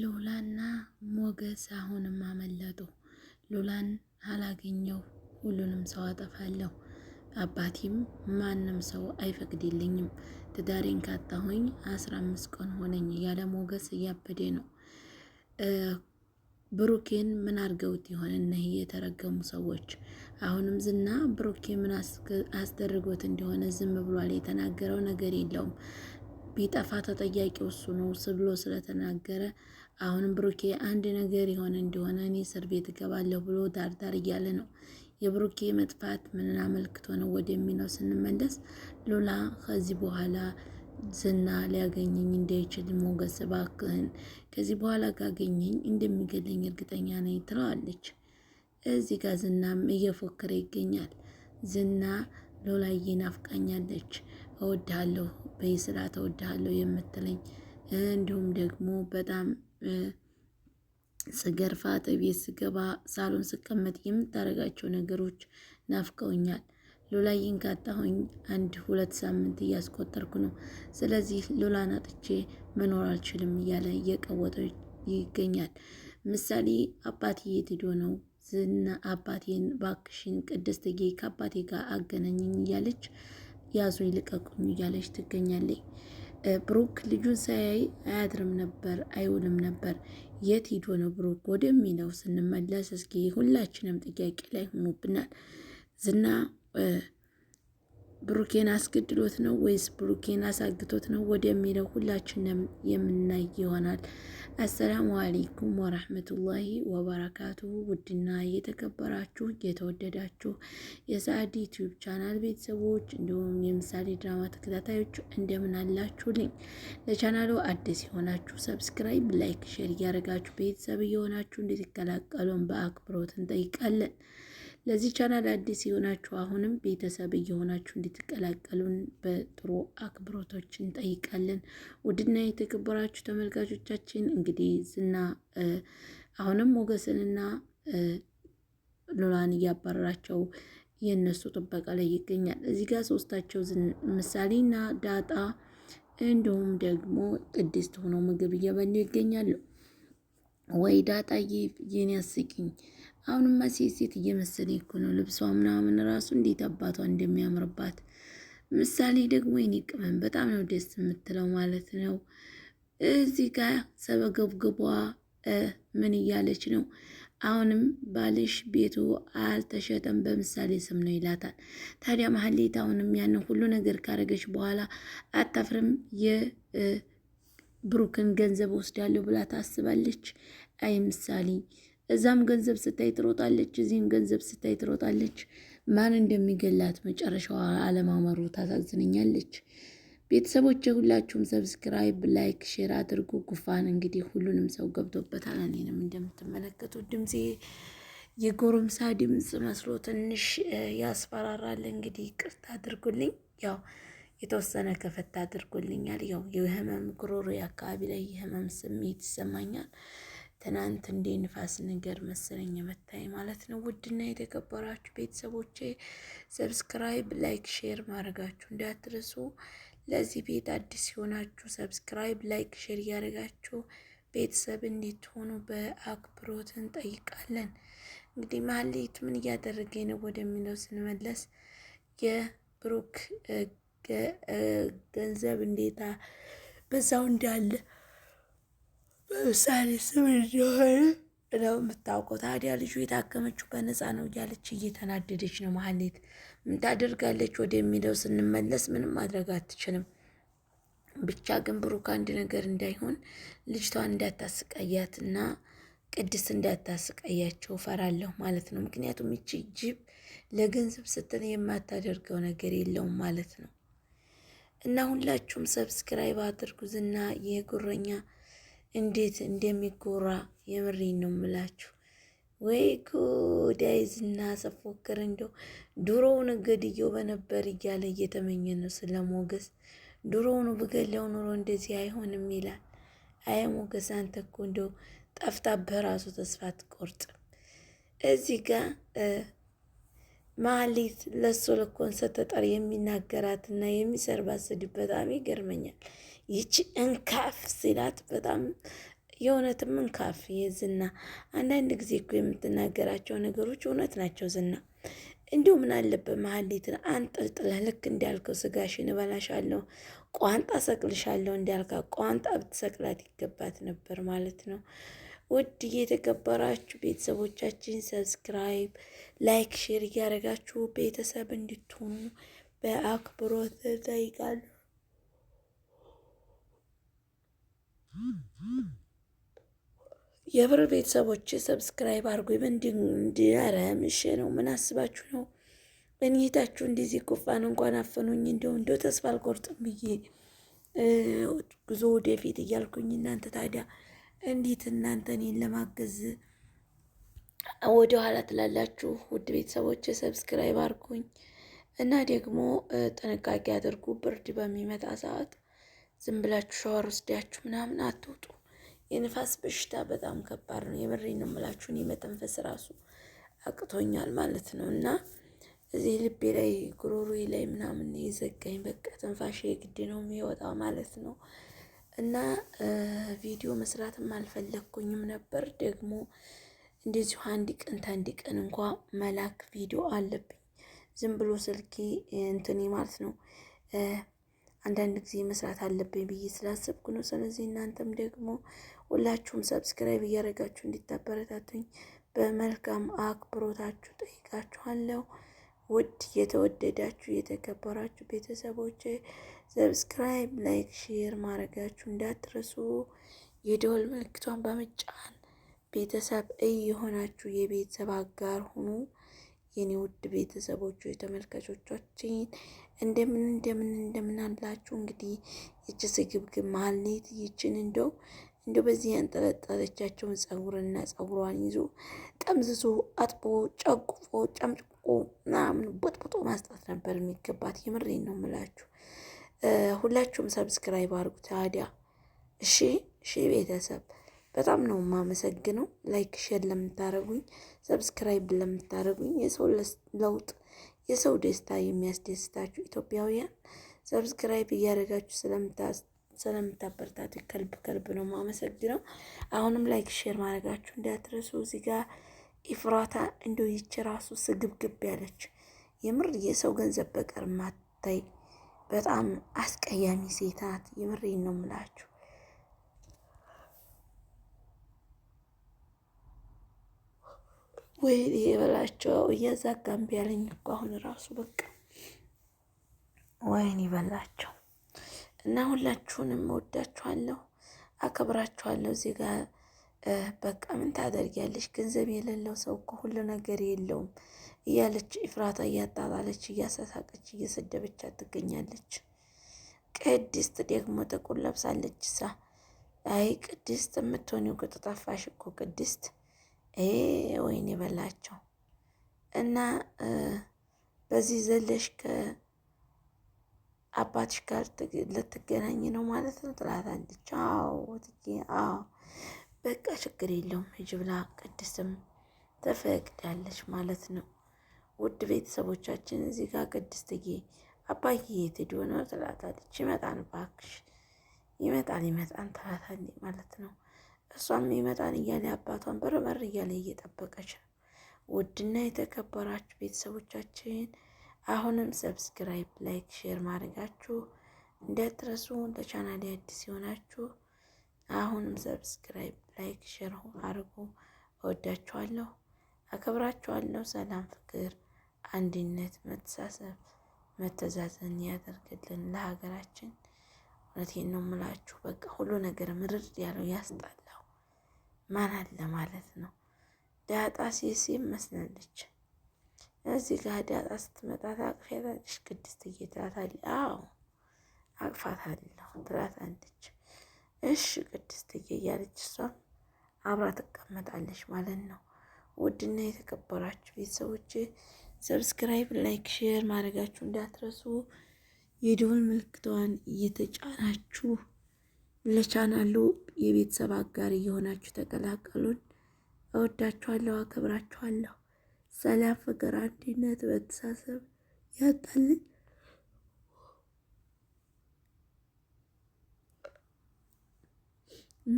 ሉላና ሞገስ አሁንም አመለጡ። ሉላን አላገኘው ሁሉንም ሰው አጠፋለሁ፣ አባቴም ማንም ሰው አይፈቅድልኝም፣ ትዳሬን ካጣሁኝ አስራ አምስት ቀን ሆነኝ ያለ ሞገስ እያበደ ነው። ብሩኬን ምን አድርገውት ይሆን እነህ የተረገሙ ሰዎች? አሁንም ዝና ብሩኬ ምን አስደርጎት እንደሆነ ዝም ብሏል። የተናገረው ነገር የለውም። ቢጠፋ ተጠያቂው እሱ ነው ብሎ ስለተናገረ አሁንም ብሩኬ አንድ ነገር የሆነ እንደሆነ እኔ እስር ቤት እገባለሁ ብሎ ዳርዳር እያለ ነው። የብሩኬ መጥፋት ምንን አመልክቶ ነው ወደሚለው ስንመለስ ሉላ ከዚህ በኋላ ዝና ሊያገኘኝ እንዳይችል ሞገስ እባክህን ከዚህ በኋላ ካገኘኝ እንደሚገለኝ እርግጠኛ ነኝ ትለዋለች። እዚህ ጋር ዝናም እየፎከረ ይገኛል። ዝና ሎላዬ ናፍቃኛለች እወድሃለሁ በስርዓት እወድሃለሁ የምትለኝ እንዲሁም ደግሞ በጣም ስገርፋ ቤት ስገባ ሳሎን ስቀመጥ የምታደርጋቸው ነገሮች ናፍቀውኛል። ሎላዬን ካጣሁኝ አንድ ሁለት ሳምንት እያስቆጠርኩ ነው። ስለዚህ ሎላ አጥቼ መኖር አልችልም እያለ እየቀወጠው ይገኛል። ምሳሌ አባቴ የት ሄዶ ነው ዝና አባቴን እባክሽን ቅድስትዬ ከአባቴ ጋር አገናኘኝ እያለች ያዙ ይልቀቁኝ እያለች ትገኛለች። ብሩክ ልጁን ሳያይ አያድርም ነበር፣ አይውልም ነበር። የት ሂዶ ነው ብሩክ ወደሚለው ስንመለስ እስኪ ሁላችንም ጥያቄ ላይ ሆኖብናል ዝና ብሩኬን አስገድሎት ነው ወይስ ብሩኬን አሳግቶት ነው ወደሚለው ሁላችንም የምናይ ይሆናል። አሰላሙ አሌይኩም ወራህመቱላሂ ወበረካቱ። ውድና እየተከበራችሁ እየተወደዳችሁ የሰአድ ዩቲዩብ ቻናል ቤተሰቦች እንዲሁም የምሳሌ ድራማ ተከታታዮች እንደምን አላችሁልኝ? ለቻናሉ አዲስ የሆናችሁ ሰብስክራይብ፣ ላይክ፣ ሼር እያደረጋችሁ ቤተሰብ እየሆናችሁ እንድትቀላቀሉን በአክብሮት እንጠይቃለን። ለዚህ ቻናል አዲስ የሆናችሁ አሁንም ቤተሰብ እየሆናችሁ እንድትቀላቀሉን በጥሩ አክብሮቶች እንጠይቃለን። ውድና የተከበራችሁ ተመልካቾቻችን እንግዲህ ዝና አሁንም ሞገስንና ሉላን እያባረራቸው የእነሱ ጥበቃ ላይ ይገኛል። እዚህ ጋር ሶስታቸው ምሳሌና ዳጣ እንዲሁም ደግሞ ቅድስት ሆነው ምግብ እየበሉ ይገኛሉ። ወይ ዳጣዬ የኔ አስቂኝ አሁንማ ሴት ሴት እየመሰለ እኮ ነው ልብሷ ምናምን ራሱ እንዴት አባቷ እንደሚያምርባት። ምሳሌ ደግሞ የኔ ቅመም በጣም ነው ደስ የምትለው ማለት ነው። እዚህ ጋር ሰበገብገቧ ምን እያለች ነው? አሁንም ባልሽ ቤቱ አልተሸጠም በምሳሌ ስም ነው ይላታል። ታዲያ መሀሌት አሁንም ያንን ሁሉ ነገር ካረገች በኋላ አታፍርም የብሩክን ገንዘብ ወስዳለሁ ብላ ታስባለች። አይ ምሳሌ እዛም ገንዘብ ስታይ ትሮጣለች፣ እዚህም ገንዘብ ስታይ ትሮጣለች። ማን እንደሚገላት መጨረሻዋ አለማመሩ ታሳዝነኛለች። ቤተሰቦች ሁላችሁም ሰብስክራይብ፣ ላይክ፣ ሼር አድርጉ። ጉፋን እንግዲህ ሁሉንም ሰው ገብቶበታል። እኔንም እንደምትመለከቱት ድምፄ የጎረምሳ ድምፅ መስሎ ትንሽ ያስፈራራል። እንግዲህ ቅርታ አድርጉልኝ። ያው የተወሰነ ከፈታ አድርጎልኛል። ያው የህመም ጉሮሮ አካባቢ ላይ የህመም ስሜት ይሰማኛል። ትናንት እንዴ ንፋስ ነገር መሰለኝ የመታኝ ማለት ነው። ውድና የተከበራችሁ ቤተሰቦቼ ሰብስክራይብ፣ ላይክ፣ ሼር ማድረጋችሁ እንዳትረሱ። ለዚህ ቤት አዲስ ሲሆናችሁ ሰብስክራይብ፣ ላይክ፣ ሼር እያደረጋችሁ ቤተሰብ እንድትሆኑ በአክብሮት እንጠይቃለን። እንግዲህ መሀሌት ምን እያደረገ ነው ወደሚለው ስንመለስ የብሩክ ገንዘብ እንዴታ በዛው እንዳለ ምሳሌ ስም እንደሆነ ነው የምታውቀው። ታዲያ ልጁ የታከመችው በነፃ ነው እያለች እየተናደደች ነው መሀሌት። ምን ታደርጋለች ወደሚለው ስንመለስ ምንም ማድረግ አትችልም። ብቻ ግን ብሩክ አንድ ነገር እንዳይሆን ልጅቷን እንዳታስቀያት እና ቅድስ እንዳታስቀያቸው ፈራለሁ ማለት ነው። ምክንያቱም ይቺ ጅብ ለገንዘብ ስትል የማታደርገው ነገር የለውም ማለት ነው። እና ሁላችሁም ሰብስክራይብ አድርጉ ዝና የጉረኛ እንዴት እንደሚጎራ የምሬ ነው ምላችሁ። ወይ ጉድ ዝና ሰፎክር እንደው ድሮውን ገድየው በነበር እያለ እየተመኘ ነው ስለ ሞገስ። ድሮውን ብገለው ኑሮ እንደዚህ አይሆንም ይላል። አይ ሞገስ አንተ እኮ እንደው ጠፍታ በራሱ ተስፋ አትቆርጥም እዚህ ጋር መሀሌት ለእሱ ለኮን ስትጠር የሚናገራት እና የሚሰርባት ስድብ በጣም ይገርመኛል። ይቺ እንካፍ ሲላት በጣም የእውነትም እንካፍ የዝና አንዳንድ ጊዜ እኮ የምትናገራቸው ነገሮች እውነት ናቸው ዝና። እንዲሁ ምን አለበት መሀሌትን አንጠልጥለህ ልክ እንዳልከው ስጋሽን እበላሻለሁ፣ ቋንጣ ሰቅልሻለሁ እንዳልካ ቋንጣ ብትሰቅላት ይገባት ነበር ማለት ነው። ውድ የተከበራችሁ ቤተሰቦቻችን ሰብስክራይብ፣ ላይክ፣ ሼር እያደረጋችሁ ቤተሰብ እንድትሆኑ በአክብሮት እጠይቃለሁ። የብር ቤተሰቦች ሰብስክራይብ አድርጉ። እንዲረ ምሽ ነው። ምን አስባችሁ ነው? እኔ እንደዚህ ቁፋን እንኳን አፈኑኝ እንደው እንደው ተስፋ አልቆርጥም ብዬ ጉዞ ወደፊት እያልኩኝ እናንተ ታዲያ እንዴት እናንተ እኔን ለማገዝ ወደ ኋላ ትላላችሁ? ውድ ቤተሰቦች ሰብስክራይብ አርጉኝ እና ደግሞ ጥንቃቄ አድርጉ። ብርድ በሚመጣ ሰዓት ዝም ብላችሁ ሻወር ወስዳችሁ ምናምን አትውጡ። የንፋስ በሽታ በጣም ከባድ ነው። የምሬን ነው የምላችሁ። እኔ መተንፈስ ራሱ አቅቶኛል ማለት ነው እና እዚህ ልቤ ላይ ጉሮሮዬ ላይ ምናምን የዘጋኝ በቃ ትንፋሽ የግድ ነው የሚወጣ ማለት ነው። እና ቪዲዮ መስራትም አልፈለግኩኝም ነበር። ደግሞ እንደዚሁ አንድ ቀን ታንድ ቀን እንኳ መላክ ቪዲዮ አለብኝ ዝም ብሎ ስልኬ እንትኔ ማለት ነው። አንዳንድ ጊዜ መስራት አለብኝ ብዬ ስላሰብኩ ነው። ስለዚህ እናንተም ደግሞ ሁላችሁም ሰብስክራይብ እያደረጋችሁ እንዲታበረታቱኝ በመልካም አክብሮታችሁ ጠይቃችኋለሁ። ውድ የተወደዳችሁ የተከበራችሁ ቤተሰቦች ሰብስክራይብ፣ ላይክ፣ ሼር ማድረጋችሁ እንዳትረሱ የደወል ምልክቷን በመጫን ቤተሰብ እየሆናችሁ የቤተሰብ አጋር ሁኑ። የኔ ውድ ቤተሰቦቹ የተመልካቾቻችን እንደምን እንደምን እንደምን አላችሁ? እንግዲህ ይች ስግብግብ ማህሌት ይችን እንደው እንዲሁ በዚህ ያንጠለጠለቻቸውን ጸጉርና ጸጉሯን ይዞ ጠምዝዞ አጥቦ ጨቁፎ ጨምጭቆ ምናምን ቦጥቦጦ ማስጣት ነበር የሚገባት። የምሬን ነው ምላችሁ። ሁላችሁም ሰብስክራይብ አድርጉ ታዲያ። እሺ እሺ፣ ቤተሰብ በጣም ነው የማመሰግነው። ላይክ፣ ሼር ለምታደረጉኝ፣ ሰብስክራይብ ለምታደረጉኝ፣ የሰው ለውጥ የሰው ደስታ የሚያስደስታችሁ ኢትዮጵያውያን ሰብስክራይብ እያደረጋችሁ ስለምታስ ስለምታበረታቱ ከልብ ከልብ ነው ማመሰግነው። አሁንም ላይክ ሼር ማድረጋችሁ እንዳትረሱ። እዚህ ጋር ኢፍራታ እንደ ይች ራሱ ስግብግብ ያለች የምር የሰው ገንዘብ በቀር ማታይ በጣም አስቀያሚ ሴት ናት። የምሬን ነው ምላችሁ። ወይ የበላቸው እያዛጋም ቢያለኝ እኮ አሁን ራሱ በቃ ወይን ይበላቸው። እና ሁላችሁንም እወዳችኋለሁ፣ አከብራችኋለሁ። እዚህ ጋር በቃ ምን ታደርጊያለሽ? ገንዘብ የሌለው ሰው እኮ ሁሉ ነገር የለውም እያለች ኢፍራታ እያጣጣለች፣ እያሳሳቀች፣ እየሰደበች ትገኛለች። ቅድስት ደግሞ ጥቁር ለብሳለች። ሳ አይ ቅድስት የምትሆኒው ቅጥጣፋሽ እኮ ቅድስት ወይን የበላቸው እና በዚህ ዘለሽ አባትሽ ጋር ልትገናኝ ነው ማለት ነው ትላታለች። አዎ ወትዬ፣ አዎ በቃ ችግር የለውም ሂጂ ብላ ቅድስትም ተፈቅዳለች ማለት ነው። ውድ ቤተሰቦቻችን እዚህ ጋር ቅድስትዬ አባዬ የት ሄዶ ነው ትላታለች። ይመጣል እባክሽ ይመጣል ይመጣን ትላታለች ማለት ነው። እሷም ይመጣን እያለ አባቷን በርበር እያለ እየጠበቀች ነው። ውድና የተከበራችሁ ቤተሰቦቻችን አሁንም ሰብስክራይብ፣ ላይክ፣ ሼር ማድረጋችሁ እንዳትረሱ። ለቻናሌ አዲስ ሲሆናችሁ አሁንም ሰብስክራይብ፣ ላይክ፣ ሼር አድርጉ። እወዳችኋለሁ፣ አከብራችኋለሁ። ሰላም፣ ፍቅር፣ አንድነት፣ መተሳሰብ፣ መተዛዘን ያደርግልን ለሀገራችን። እውነቴን ነው የምላችሁ። በቃ ሁሉ ነገር ምርር ያለው ያስጣላው ማን አለ ማለት ነው። ዳጣ ሴሴ መስላለች። እዚህ ጋር ዳጣ ስትመጣ ታቅፊያታለሽ ቅድስትዬ ትላታለች። አዎ አቅፋታለሁ ትላታለች። እሺ ቅድስትዬ እያለች እሷም አብራ ትቀመጣለች ማለት ነው። ውድና የተከበራችሁ ቤተሰቦች ሰብስክራይብ፣ ላይክ፣ ሼር ማድረጋችሁ እንዳትረሱ። የደወል ምልክቷን እየተጫናችሁ ለቻናሉ የቤተሰብ አጋር እየሆናችሁ ተቀላቀሉን። እወዳችኋለሁ፣ አከብራችኋለሁ። ሰላም፣ ፍቅር፣ አንድነት በተሳሰብ ያጣልን።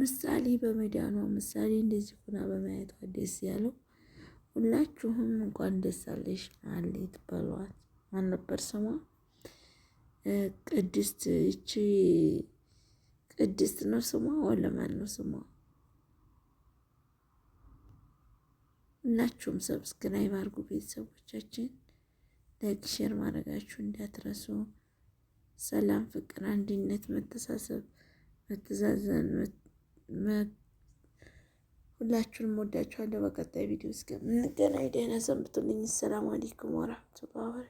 ምሳሌ በመዳኗ ምሳሌ እንደዚህ ሆና በማየቷ ደስ ያለው ሁላችሁም እንኳን ደስ አለሽ ማለት በሏት። ማን ነበር ስሟ? ቅድስት። እቺ ቅድስት ነው ስሟ፣ ወለማን ነው ስሟ? ሁላችሁም ሰብስክራይብ አድርጉ ቤተሰቦቻችን። ላይክ ሼር ማድረጋችሁ እንዳትረሱ። ሰላም፣ ፍቅር፣ አንድነት፣ መተሳሰብ፣ መተዛዘን ሁላችሁንም ወዳችኋለሁ። በቀጣይ ቪዲዮ እስከምንገናኝ ደህና ሰንብቱልኝ። ሰላም አለይኩም ወራህመቱላሂ